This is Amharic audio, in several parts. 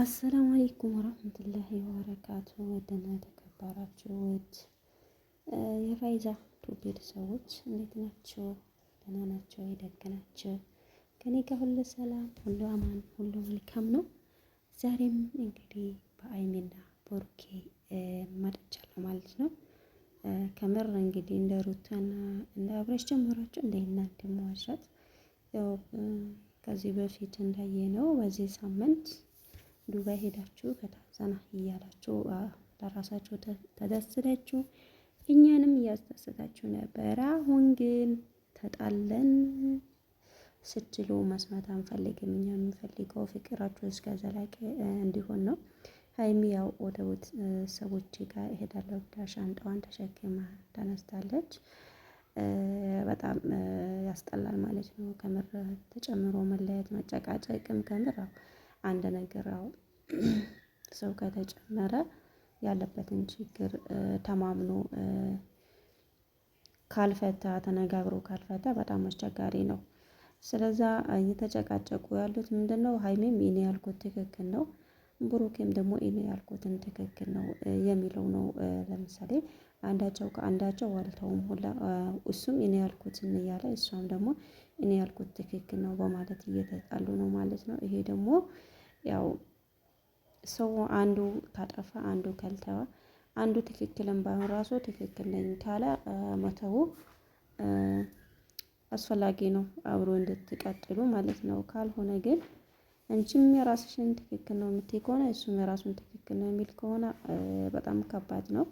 አሰላሙ አለይኩም ወራህመቱላሂ ወበረካቱ። ወደና የተከበራችሁ ውድ የፋይዛ ቱብ ቤተሰቦች እንዴት ናቸው? ደህና ናቸው? የደግ ናቸው? ከኔ ጋር ሁሉ ሰላም፣ ሁሉ አማን፣ ሁሉ መልካም ነው። ዛሬም እንግዲህ በሀይሚና በብሩኬ መጥቻለሁ ማለት ነው። ከምር እንግዲህ እንደ ሩታና እንደ አብረሽ ጀምራችሁ እንደ እናንተ መዋሻት ያው ከዚህ በፊት እንዳየ ነው በዚህ ሳምንት ዱባይ ሄዳችሁ ከታዘና እያላችሁ ለራሳችሁ ተደስታችሁ እኛንም እያስደሰታችሁ ነበር። አሁን ግን ተጣለን ስትሉ መስማት አንፈልግም። እኛ የምንፈልገው ፍቅራችሁ እስከ ዘላቂ እንዲሆን ነው። ሀይሚ ያው ወደ ሰዎች ጋር እሄዳለሁ ብላ ሻንጣዋን ተሸክማ ተነስታለች። በጣም ያስጠላል ማለት ነው። ከምር ተጨምሮ መለያየት መጨቃጨቅም ከምር አንድ ነገር ያው ሰው ከተጨመረ ያለበትን ችግር ተማምኖ ካልፈታ ተነጋግሮ ካልፈታ በጣም አስቸጋሪ ነው። ስለዛ እየተጨቃጨቁ ያሉት ምንድነው? ሀይሜም ይኔ ያልኩት ትክክል ነው ብሩኬም ደግሞ እኔ ያልኩትን ትክክል ነው የሚለው ነው። ለምሳሌ አንዳቸው ከአንዳቸው ዋልተውም ሁላ እሱም እኔ ያልኩት እያለ እሷም ደግሞ እኔ ያልኩት ትክክል ነው በማለት እየተጣሉ ነው ማለት ነው። ይሄ ደግሞ ያው ሰው አንዱ ካጠፋ አንዱ ከልተዋ አንዱ ትክክልን ባይሆን ራሱ ትክክል ነኝ ካለ መተው አስፈላጊ ነው አብሮ እንድትቀጥሉ ማለት ነው። ካልሆነ ግን አንቺም የራስሽን ትክክል ነው የምትይ ከሆነ እሱም የራሱን ትክክል ነው የሚል ከሆነ በጣም ከባድ ነው።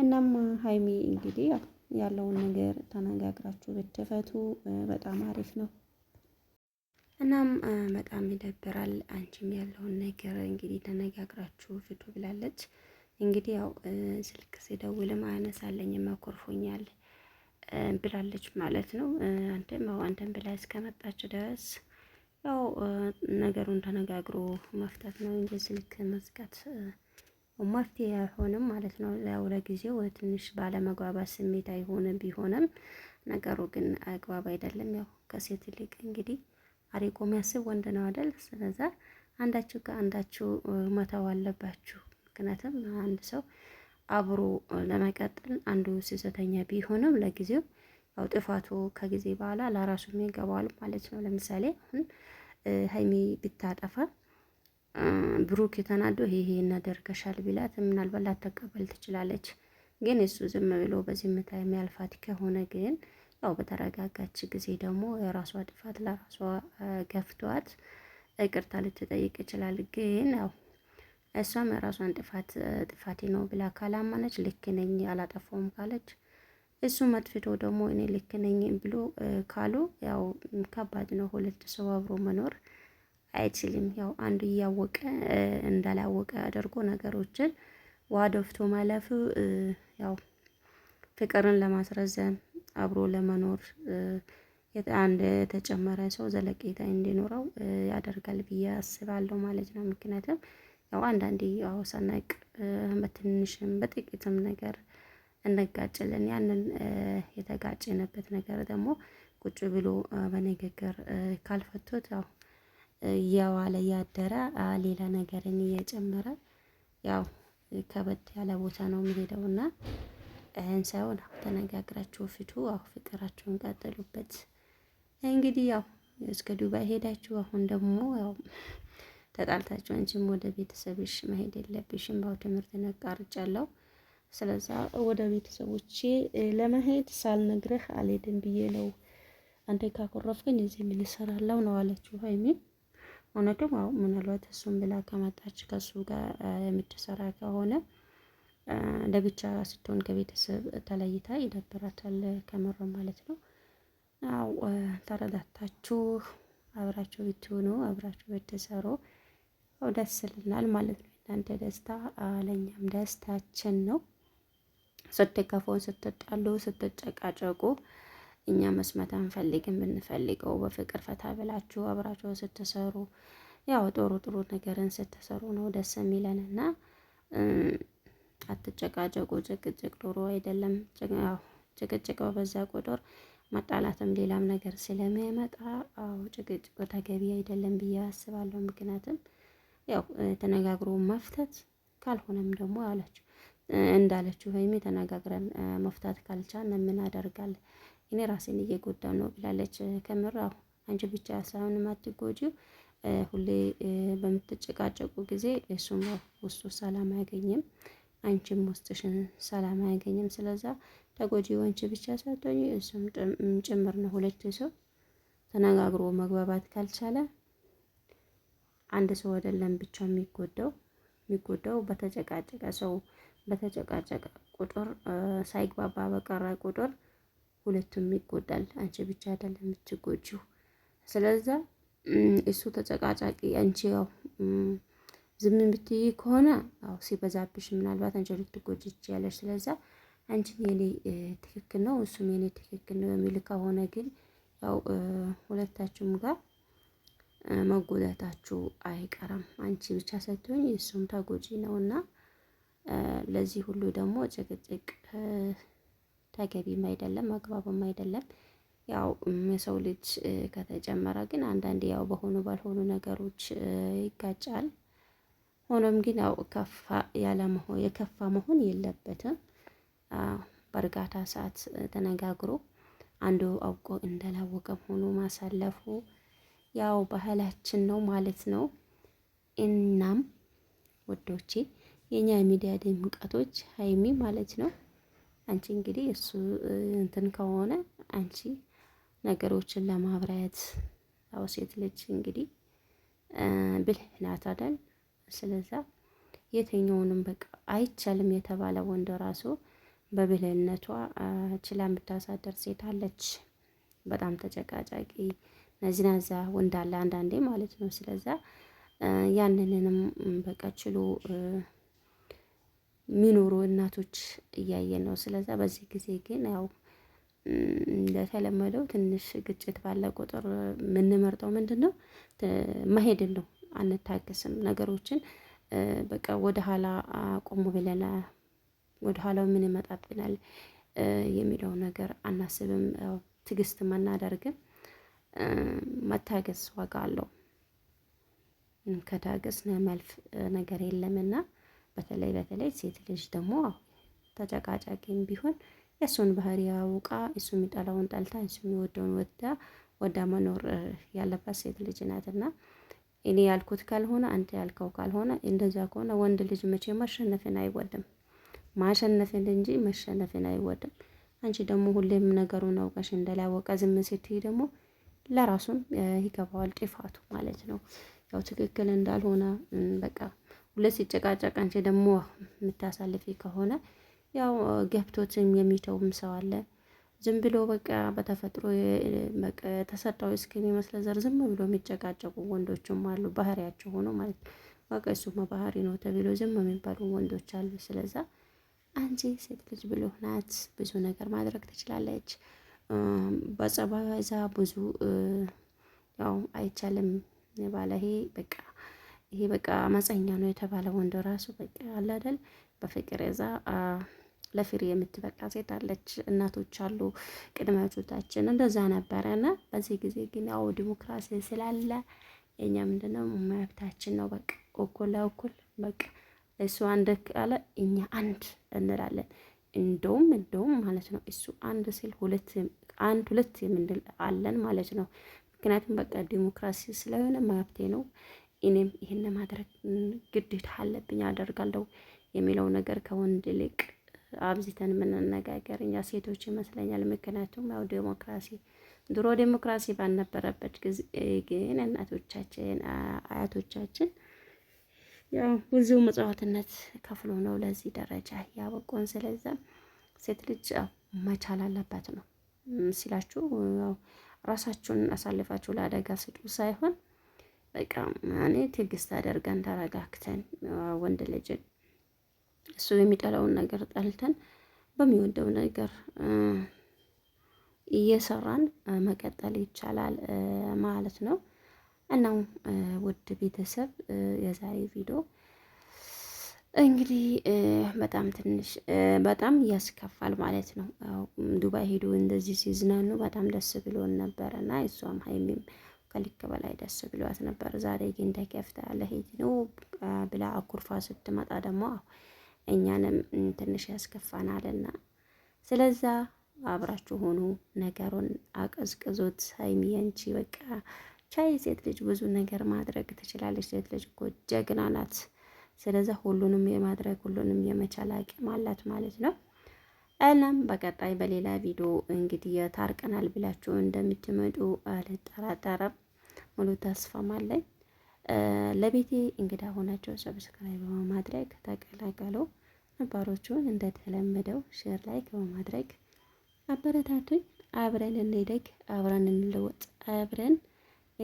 እናም ሀይሚ እንግዲህ ያው ያለውን ነገር ተነጋግራችሁ ብትፈቱ በጣም አሪፍ ነው። እናም በጣም ይደብራል። አንቺም ያለውን ነገር እንግዲህ ተነጋግራችሁ ፍቱ ብላለች። እንግዲህ ያው ስልክ ሲደውልም አያነሳለኝም አኮርፎኛል ብላለች ማለት ነው። አንተም ያው አንተም ብላ እስከመጣች ድረስ ያው ነገሩን ተነጋግሮ መፍታት ነው እንጂ ስልክ መዝጋት መፍትሄ አይሆንም ማለት ነው። ያው ለጊዜው ትንሽ ባለመግባባት ስሜት አይሆንም ቢሆንም ነገሩ ግን አግባብ አይደለም። ያው ከሴት ይልቅ እንግዲህ አሪቆ የሚያስብ ወንድ ነው አይደል? ስለዛ አንዳችሁ ከአንዳችሁ መተው አለባችሁ። ምክንያቱም አንድ ሰው አብሮ ለመቀጠል አንዱ ስህተተኛ ቢሆንም ለጊዜው ያው ጥፋቱ ከጊዜ በኋላ ለራሱ ይገባዋል ማለት ነው። ለምሳሌ አሁን ሀይሚ ብታጠፋ ብሩክ የተናዶ ይሄ እናደርገሻል ቢላት ምናልባት ላተቀበል ትችላለች። ግን እሱ ዝም ብሎ በዝምታ የሚያልፋት ከሆነ ግን ያው በተረጋጋች ጊዜ ደግሞ የራሷ ጥፋት ለራሷ ገፍቷት ይቅርታ ልትጠይቅ ይችላል። ግን ያው እሷም የራሷን ጥፋት ጥፋቴ ነው ብላ ካላማነች ልክ ነኝ አላጠፋውም ካለች እሱ መጥፍቶ ደግሞ እኔ ልክ ነኝ ብሎ ካሉ ያው ከባድ ነው ሁለት ሰው አብሮ መኖር አይችልም። ያው አንዱ እያወቀ እንዳላወቀ አድርጎ ነገሮችን ዋደፍቶ ማለፉ ያው ፍቅርን ለማስረዘም አብሮ ለመኖር አንድ የተጨመረ ሰው ዘለቄታ እንዲኖረው ያደርጋል ብዬ አስባለሁ ማለት ነው። ምክንያቱም ያው አንዳንዴ ያው ሰነቅ በትንሽም በጥቂትም ነገር እንጋጭለን። ያንን የተጋጨንበት ነገር ደግሞ ቁጭ ብሎ በንግግር ካልፈቶት ያው እየዋለ እያደረ ሌላ ነገርን እየጨመረ ያው ከበድ ያለ ቦታ ነው የሚሄደው እና ይህን ሳይሆን አሁ ተነጋግራችሁ ፍቱ። አሁ ፍቅራችሁን ቀጥሉበት። እንግዲህ ያው እስከ ዱባይ ሄዳችሁ አሁን ደግሞ ያው ተጣልታችሁ አንቺም ወደ ቤተሰብሽ መሄድ የለብሽም። ባው ትምህርት ነቃርጫለሁ። ስለዛ ወደ ቤተሰቦቼ ለመሄድ ሳልነግርህ አልሄድም ብዬ ነው። አንተ ካኮረፍከኝ እዚህ ምን እሰራለሁ ነው አለችው ሀይሚ። እውነቱም አዎ፣ ምናልባት እሱም ብላ ከመጣች ከሱ ጋር የምትሰራ ከሆነ ለብቻ ስትሆን ከቤተሰብ ተለይታ ይደብራታል። ከምር ማለት ነው። አው ተረዳታችሁ፣ አብራችሁ ብትሆኑ፣ አብራችሁ ብትሰሩ ደስ ይለናል ማለት ነው። እናንተ ደስታ ለእኛም ደስታችን ነው። ስትከፉን፣ ስትጣሉ፣ ስትጨቃጨቁ እኛ መስመት አንፈልግም። ብንፈልገው በፍቅር ፈታ ብላችሁ አብራችሁ ስትሰሩ ያው ጥሩ ጥሩ ነገርን ስትሰሩ ነው ደስ የሚለን እና አትጨቃጨቁ። ጭቅጭቅ ጥሩ አይደለም። ጭቅጭቅ በበዛ ቁጥር መጣላትም ሌላም ነገር ስለሚያመጣ አዎ ጭቅጭቁ ተገቢ አይደለም ብዬ አስባለሁ። ምክንያቱም ያው ተነጋግሮ መፍታት ካልሆነም ደግሞ አላችሁ እንዳለችው ወይም የተነጋግረን መፍታት ካልቻልን ምን አደርጋለን? እኔ ራሴን እየጎዳ ነው ብላለች። ከምራሁ አንቺ ብቻ ሳይሆን የማትጎጂው ሁሌ በምትጨቃጨቁ ጊዜ እሱም ውስጡ ሰላም አያገኝም፣ አንቺም ውስጥሽን ሰላም አያገኝም። ስለዛ ተጎጂው አንቺ ብቻ ሳትሆኚ እሱም ጭምር ነው። ሁለት ሰው ተነጋግሮ መግባባት ካልቻለ አንድ ሰው አይደለም ብቻ የሚጎዳው የሚጎዳው በተጨቃጨቀ ሰው በተጨቃጨቀ ቁጥር ሳይግባባ በቀረ ቁጥር ሁለቱም ይጎዳል። አንቺ ብቻ አይደለም የምትጎጂው። ስለዛ እሱ ተጨቃጫቂ አንቺ ያው ዝም የምትይ ከሆነ ያው ሲበዛብሽ ምናልባት አንቺ ልትጎጂ ትችያለሽ። ስለዛ አንቺ የኔ ትክክል ነው እሱም የኔ ትክክል ነው የሚል ከሆነ ግን ያው ሁለታችሁም ጋር መጎዳታችሁ አይቀርም። አንቺ ብቻ ሳትሆኝ እሱም ተጎጂ ነውና ለዚህ ሁሉ ደግሞ ጭቅጭቅ ተገቢም አይደለም አግባብም አይደለም። ያው የሰው ልጅ ከተጨመረ ግን አንዳንዴ ያው በሆኑ ባልሆኑ ነገሮች ይጋጫል። ሆኖም ግን ያው ከፋ ያለ መሆን የከፋ መሆን የለበትም። በእርጋታ ሰዓት ተነጋግሮ አንዱ አውቆ እንዳላወቀም ሆኖ ማሳለፉ ያው ባህላችን ነው ማለት ነው። እናም ውዶቼ የኛ ሚዲያ ድምቀቶች ሀይሚ ማለት ነው። አንቺ እንግዲህ እሱ እንትን ከሆነ አንቺ ነገሮችን ለማብረት ያው ሴት ልጅ እንግዲህ ብልህ ናት አይደል? ስለዛ የትኛውንም በቃ አይቻልም የተባለ ወንድ ራሱ በብልህነቷ ችላ የምታሳደር ሴት አለች። በጣም ተጨቃጫቂ ነዝናዛ ወንድ አለ አንዳንዴ ማለት ነው። ስለዛ ያንንንም በቃ ችሎ የሚኖሩ እናቶች እያየን ነው። ስለዛ በዚህ ጊዜ ግን ያው እንደተለመደው ትንሽ ግጭት ባለ ቁጥር የምንመርጠው ምንድን ነው መሄድን ነው። አንታገስም። ነገሮችን በቃ ወደ ኋላ ቆሙ ብለን ወደ ኋላው ምን ይመጣብናል የሚለው ነገር አናስብም። ትዕግስትም አናደርግም። መታገስ ዋጋ አለው። ከታገስ መልፍ ነገር የለምና በተለይ በተለይ ሴት ልጅ ደግሞ ተጨቃጫቂም ቢሆን የእሱን ባህሪ አውቃ እሱ የሚጠላውን ጠልታ እሱ የሚወደውን ወዳ ወዳ መኖር ያለባት ሴት ልጅ ናትና እኔ ያልኩት ካልሆነ አንተ ያልከው ካልሆነ እንደዛ ከሆነ ወንድ ልጅ መቼ ማሸነፍን አይወድም፣ ማሸነፍን እንጂ መሸነፍን አይወድም። አንቺ ደግሞ ሁሌም ነገሩን አውቀሽ እንደላወቀ ዝም ስትይ ደግሞ ለራሱም ይገባዋል ጥፋቱ ማለት ነው። ያው ትክክል እንዳልሆነ በቃ ሁለት ሲጨቃጨቅ አንቺ ደግሞ የምታሳልፊ ከሆነ ያው ገብቶትም የሚተውም ሰው አለ። ዝም ብሎ በቃ በተፈጥሮ ተሰጣው እስከሚመስለ ዘር ዝም ብሎ የሚጨቃጨቁ ወንዶችም አሉ፣ ባህሪያቸው ሆኖ ማለት ነው። በቃ እሱማ ባህሪ ነው ተብሎ ዝም የሚባሉ ወንዶች አሉ። ስለዛ አንቺ ሴት ልጅ ብልህ ናት፣ ብዙ ነገር ማድረግ ትችላለች። በጸባይ ብዙ ያው አይቻልም ባለሄ በቃ ይሄ በቃ አመፀኛ ነው የተባለ ወንድ ራሱ በቃ አለ አይደል? በፍቅር እዛ ለፍሬ የምትበቃ ሴት አለች። እናቶች አሉ ቅድመቶቻችን እንደዛ ነበረ እና በዚህ ጊዜ ግን ያው ዲሞክራሲ ስላለ የኛ ምንድነው መብታችን ነው። በቃ እኩል ለእኩል በቃ እሱ አንድ ካለ እኛ አንድ እንላለን። እንደውም እንደውም ማለት ነው እሱ አንድ ሲል ሁለት አንድ ሁለት የምንል አለን ማለት ነው። ምክንያቱም በቃ ዲሞክራሲ ስለሆነ መብቴ ነው እኔም ይህን ማድረግ ግዴታ አለብኝ አደርጋለሁ የሚለው ነገር ከወንድ ይልቅ አብዝተን የምንነጋገር እኛ ሴቶች ይመስለኛል። ምክንያቱም ያው ዴሞክራሲ ድሮ ዴሞክራሲ ባልነበረበት ጊዜ ግን እናቶቻችን፣ አያቶቻችን ያው ብዙ መጽዋዕትነት ከፍሎ ነው ለዚህ ደረጃ ያበቆን። ስለዛ ሴት ልጅ መቻል አለባት ነው ሲላችሁ ራሳችሁን አሳልፋችሁ ለአደጋ ስጡ ሳይሆን በቃ እኔ ትዕግስት አደርገን ተረጋግተን ወንድ ልጅን እሱ የሚጠላውን ነገር ጠልተን በሚወደው ነገር እየሰራን መቀጠል ይቻላል ማለት ነው። እናም ውድ ቤተሰብ የዛሬ ቪዲዮ እንግዲህ በጣም ትንሽ በጣም ያስከፋል ማለት ነው። ዱባይ ሄዶ እንደዚህ ሲዝናኑ በጣም ደስ ብሎን ነበረ እና እሷም ሀይሚም ከልክ በላይ ደስ ብሏት ነበር። ዛሬ ግን ተከፍታ ለሄድ ነው ብላ አኩርፋ ስትመጣ ደግሞ እኛንም ትንሽ ያስከፋናልና ስለዛ አብራችሁ ሆኑ ነገሩን አቀዝቅዞት። ሀይሚ የንቺ በቃ ቻይ ሴት ልጅ ብዙ ነገር ማድረግ ትችላለች። ሴት ልጅ እኮ ጀግና ናት። ሁሉንም የማድረግ ሁሉንም የመቻል አቅም አላት ማለት ነው። እናም በቀጣይ በሌላ ቪዲዮ እንግዲህ የታርቀናል ብላችሁ እንደምትመጡ አልጠራጠረም፣ ሙሉ ተስፋም አለኝ። ለቤቴ እንግዳ ሆናችሁ ሰብስክራይብ በማድረግ ተቀላቀሉ። ነባሮቹን እንደተለመደው ሼር ላይክ በማድረግ አበረታቱኝ። አብረን እንደግ፣ አብረን እንለወጥ፣ አብረን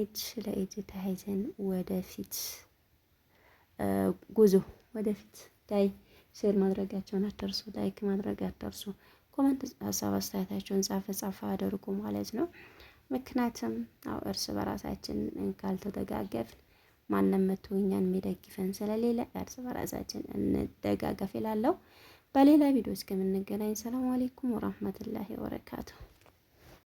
እጅ ለእጅ ተያይዘን ወደፊት ጉዞ ወደፊት ዳይ ሼር ማድረጋቸውን አትርሱ፣ ላይክ ማድረግ አትርሱ። ኮመንት ሀሳብ አስተያየታቸውን ጻፈ ጻፈ አድርጉ ማለት ነው። ምክንያቱም አው እርስ በራሳችን ካልተደጋገፍን ማንም መቶ እኛን የሚደግፈን ስለሌለ እርስ በራሳችን እንደጋገፍ ይላለው። በሌላ ቪዲዮ እስከምንገናኝ ሰላም አሌይኩም ወራህመቱላሂ ወበረካቱሁ።